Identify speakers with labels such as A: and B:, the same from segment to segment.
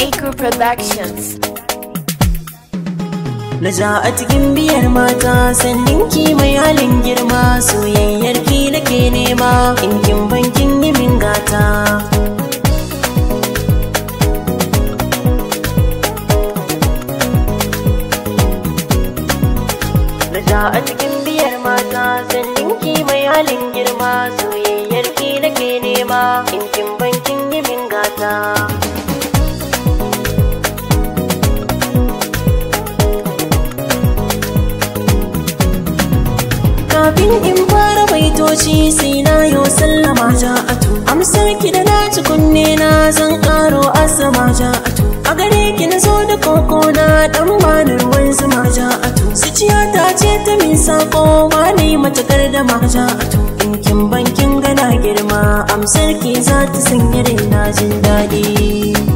A: Maker Productions. Naja a cikin biyar mata sannin ki mai halin girma soyayyar ki nake nema in kin bankin yi min gata. Naja a cikin biyar mata sannin ki mai halin girma soyayyar ki nake nema in kin bankin yi min gata. shi sai na yo sallama ja amsar ki da na kunne na zan karo asama ja ato a gare ki na zo da koko na dan wani ruwan zuma ja su zuciya ta ce ta min sako ba ne matakar da ma ja in kin bankin gana girma amsar ki za ta sanya na jin daɗi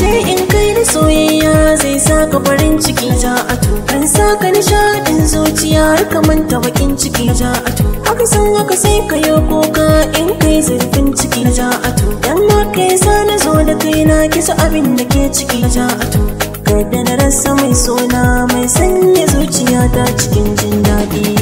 A: ce in kai da soyayya zai saka farin ciki za a to kan saka nishadin zuciya ka manta bakin ciki za a to haka san haka sai ka yi kuka in kai zurfin ciki za a to dan ma kai sa na zo da kai na kisa abin da ke ciki za a to kada na rasa mai sona mai sanya zuciya ta cikin jin daɗi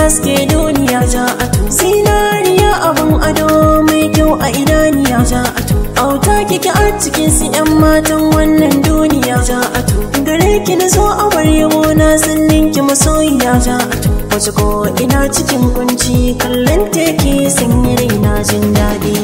A: haske duniya ja'atu zinariya abun ado mai kyau a idaniya ja'atu auta kike a cikin yan matan wannan duniya ja'atu gare ki na zo a bar yabo na sannin ki masoyiya ja'atu wace ko ina cikin kunci kallon teki sun yi raina jin daɗi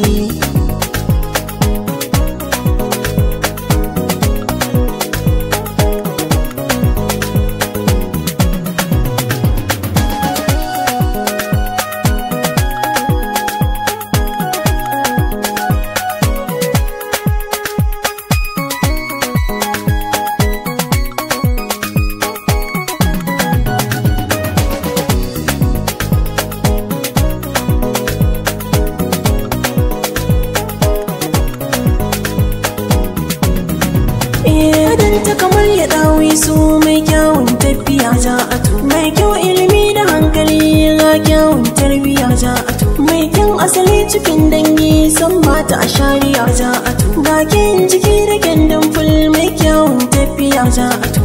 A: ta kamar ya dawi su mai kyawun tafiya ja'atu mai kyau ilimi da hankali ga kyawun tarbiya ja'atu mai kyan asali cikin dangi san mata a shari'a ja'atu ga kyan jiki da kyan ful mai kyawun tafiya ja'atu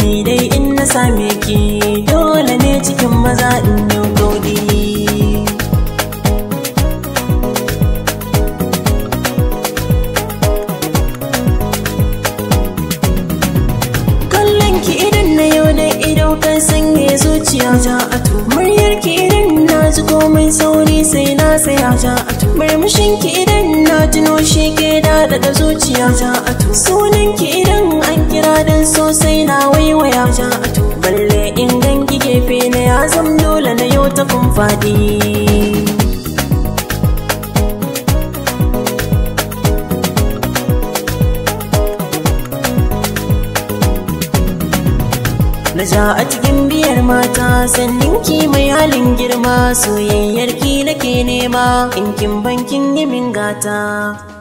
A: ni dai in na same ki dole ne cikin maza in yau kan sanya zuciya ja a ki idan na ji komai sauri sai na saya ja a ki idan na tuno shi ke daɗaɗa zuciya ja a sunan ki idan an kira dan sosai na waiwaya ja a to balle in gefe na ya zam dole na yau ta kun faɗi. na ja a cikin biyar mata sannin ki mai halin girma soyayyar ki nake nema in kin bankin yi min gata